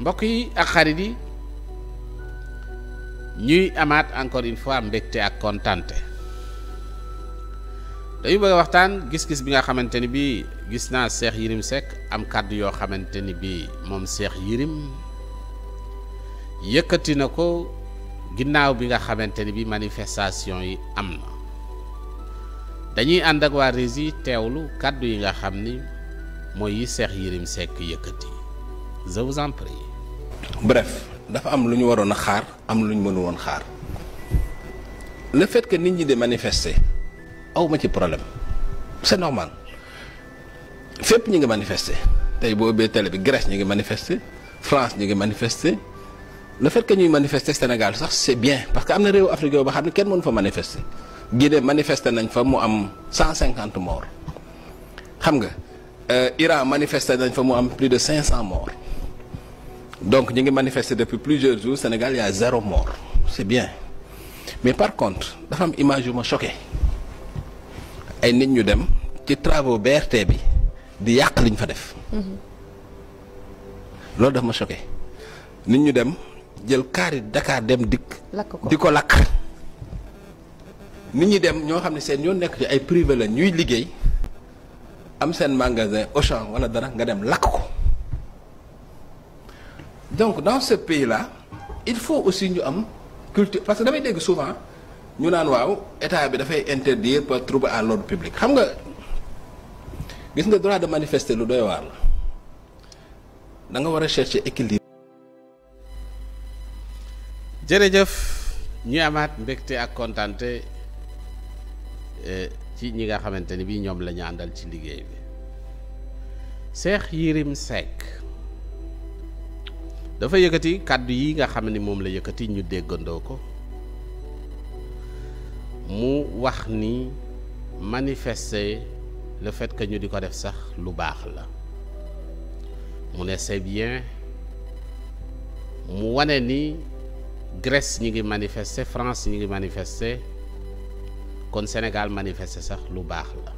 mbokk yi ak xarit yi ñuy amaat encore une fois mbégte ak kontante dañu bëgg waxtaan gis-gis bi nga xamante ni bii gis naa seex Yérim Seck am kàddu yoo xamante ni bii moom seex Yérim yëkkati na ko ginnaaw bi nga xamante ni bii manifestation yi am na dañuy ànd ak waa Rési teewlu kàddu yi nga xam ni mooy yi Cheikh Yérim Seck yëkkati. je vous en bref dafa am lu ñu waroon a xaar am lu ñu mënu woon xaar le fait nit ñi de manifester aw ci problème c'est normal fépp ñu ngi manifester tey boo bee télé bi Grèce ñu ngi manifester France ñu ngi manifester la fait que ñuy manifester Sénégal sax c'est bien parce que am na réew Afrique yoo ba xam ne kenn mënu fa manifester Guinée manifester nañ fa mu am cent cinquante morts xam nga euh, Iran manifester nañ fa mu am plus de cinq cent morts. donc ñu ngi manifester depuis plusieurs jours Sénégal y a zéro mort c'est bien mais par contre dafa am image yu ma choqué ay nit ñu dem ci travaux BRT bi di yàq liñ fa def loolu dafa ma choqué nit ñu dem jël kaar yi Dakar dem dikk di ko lakk nit ñi dem ñoo xam ne seen yoon nekk ci ay privé la ñuy liggéey am seen magasin Auchan wala dara nga dem lakk ko donc dans ce pays il faut aussi ñu am culture parce que damay dégg souvent ñu naan waaw état bi dafay interdire pour trouble à l'ordre public xam nga gis nga droit de manifester lu doy waar la da nga war a chercher équilibre. jërëjëf ñu amaat mbégte ak kontaante eh, ci ñi nga xamante ni bii ñoom la ñu àndal ci liggéey bi Cheikh Yérim Seck. dafa yëkkati kàddu yi nga xam ni moom la yëkkati ñu déggandoo ko mu wax ni manifester le fait que ñu di ko def sax lu baax la mu ne c'est bien mu wane ni Grèce ñi ngi manifester France ñi ngi manifester kon Sénégal manifester sax lu baax la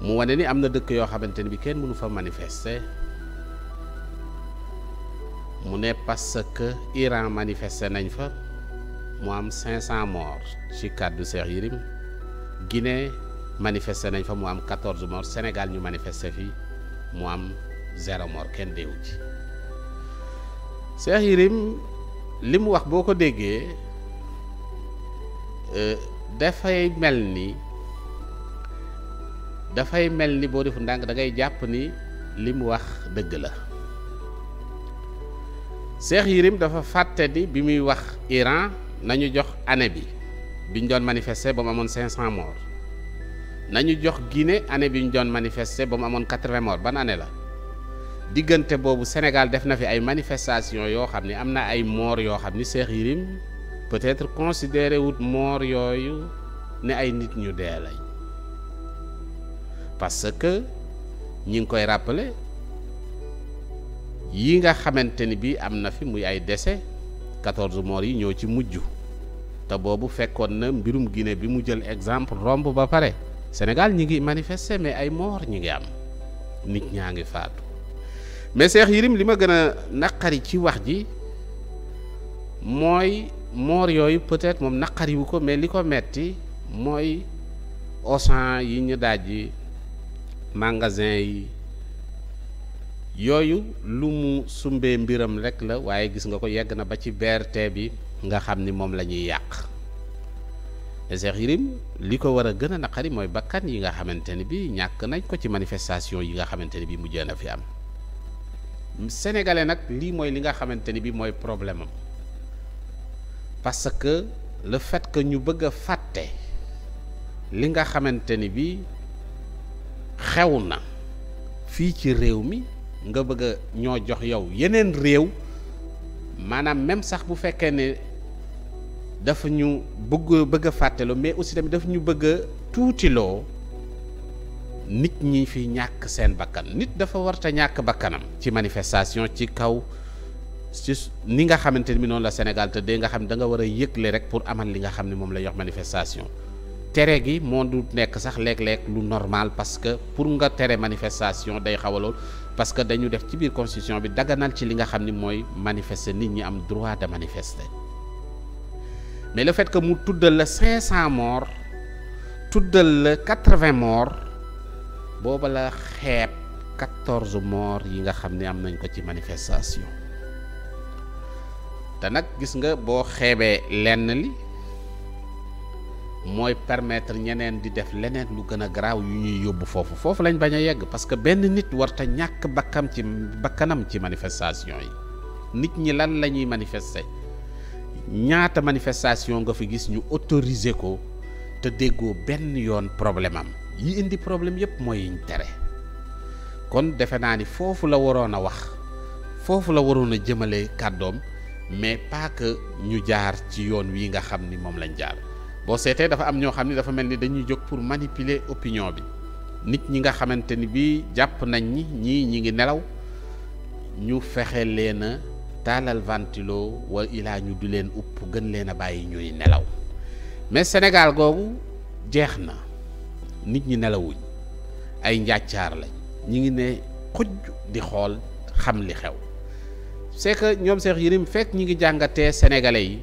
mu wane ni am na dëkk yoo xamante ni bi kenn mënu fa manifester mu ne parce que Iran manifesté nañ fa mu am 500 morts ci kàddu seex Yérim gine manifesté nañ fa mu am 14 morts Sénégal ñu manifesté fii mu am zéro kenn deewu ci Cheikh Yérim li mu wax boo ko déggee euh, dafay mel ni dafay mel ni boo defu ndànk da ngay jàpp ni li mu wax dëgg la. seex Yérim dafa fàtte di bi muy wax Iran nañu jox année bi bi ñu doon manifester ba mu amoon 500 morts nañu jox Guinée année bi ñu doon manifester ba mu amoon 80 morts ban année la diggante boobu Sénégal def na fi ay manifestations yoo xam ni am na ay moor yoo xam ni seex Yérim peut-être considéré wut morts yooyu ne ay nit ñu dee lañ parce que ñi ngi koy rappeler. yi nga xamante ni bii am na fi muy ay décès quatorze morts yi ñoo ci mujj te boobu fekkoon na mbirum gine bi mu jël exemple romb ba pare Sénégal ñi ngi manifester mais ay morts ñi ngi am nit ñaa ngi faatu mais Cheikh Yérim li ma gën a naqari ci wax ji mooy moor yooyu peut-être moom naqariwu ko mais li ko metti mooy osan yi ñu dajji magasin yi yooyu lu mu sumbee mbiram rekk la waaye gis nga ko yegg na ba ci BRT bi nga xam ni moom la ñuy yàq te Cheikh li ko war a gën a naqari mooy bakkan yi nga xamante ni bi ñàkk nañ ko ci manifestation yi nga xamante ni bi mujjee na fi am sénégalais nag lii mooy li nga xamante ni bi mooy problème am parce que le fait que ñu bëgg a fàtte li nga xamante ni bi xew na fii ci réew mi nga bëgg a ñoo jox yow yeneen réew maanaam même sax bu fekkee ne dafa ñu bëgg bëgg a mais aussi tamit dafa ñu bëgg a tuutiloo nit ñi fi ñàkk seen bakkan nit dafa warta ñàkk bakkanam ci manifestation ci kaw ci ni nga xamante ni noonu la Sénégal te nga xam da nga war a yëgle rek pour aman li nga xam ne moom lay yox manifestation tere gi moo du nekk sax léeg-léeg lu normal parce que pour nga tere manifestation day xaw a parce que dañu def ci biir constitution bi daganal ci li nga xam ni mooy manifester nit ñi am droit de manifester mais le fait que mu tuddal la 500 morts tuddal la 80 morts booba la xeeb 14 morts yi nga xam ni am nañ ko ci manifestation te nag gis nga boo xeebee lenn li. mooy permettre ñeneen di def leneen lu gën a garaaw yu ñuy yóbbu foofu foofu lañ bañ a yegg parce que benn nit warta ñàkk bakkam ci bakkanam ci manifestation yi nit ñi lan la ñuy manifester ñaata manifestation nga fi gis ñu autoriser ko te déggoo benn yoon problème am yi indi problème yépp mooy yiñ tere kon defe naa ni foofu la waroon a wax foofu la waroon a jëmale kàddoom mais pas ñu jaar ci yoon wii nga xam ni moom lañ jaar boo seetee dafa am ñoo xam ne dafa mel ni dañuy jóg pour manipuler opinion bi nit ñi nga xamante ni bii jàpp nañ ñi ñii ñi ngi nelaw ñu fexe leen a taalal ventilo wa ilaa ñu di leen upp gën leen a bàyyi ñuy nelaw mais Sénégal googu jeex na nit ñi nelawuñ ay njàccaar lañ ñi ngi ne xujj di xool xam li xew c'est que ñoom Cheikh Yérim fekk ñi ngi jàngatee sénégalais yi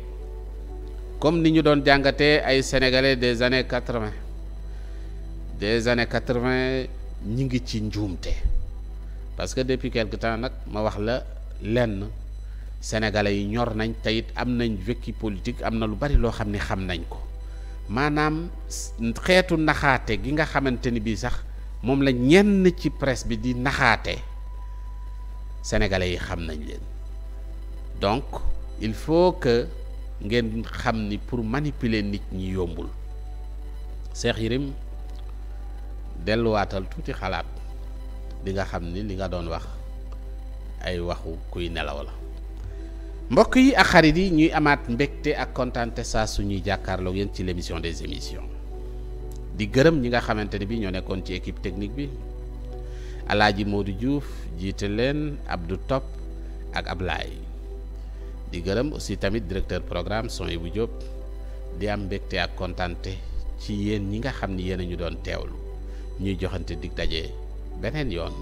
comme ni ñu doon jàngatee ay sénégalais des années quatre-vingt des années quatre-vingt ñi ngi ci njuumte parce que depuis quelque temps nag ma wax la lenn sénégalais yi ñor nañ te it am nañ vécu politique am na lu bari loo xam ni xam nañ ko maanaam xeetu naxaate gi nga xamante ni bii sax moom la ñenn ci presse bi di naxaate sénégalais yi xam nañ leen donc il faut que. ngeen xam ni pour manipile nit ñi yombul Cheikh Yérim delluwaatal tuuti xalaat di nga xam ni li nga doon wax ay waxu kuy nelaw la mbokk yi ak xarit yi ñuy amaat mbégte ak kontaante saa suñuy jàkkaarloog yéen ci l'émission des émissions di gërëm ñi nga xamante ne bi ñoo nekkoon ci équipe technique bi ji moo di juuf jiite leen ab du topp ak Ablaye di gërëm aussi tamit directeur programme son bu Diop di am mbégte ak kontante ci yéen ñi nga xam ni yéen a ñu doon teewlu ñuy joxante dig daje beneen yoon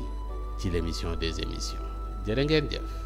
ci l' émission des émissions jërë ngeen jëf.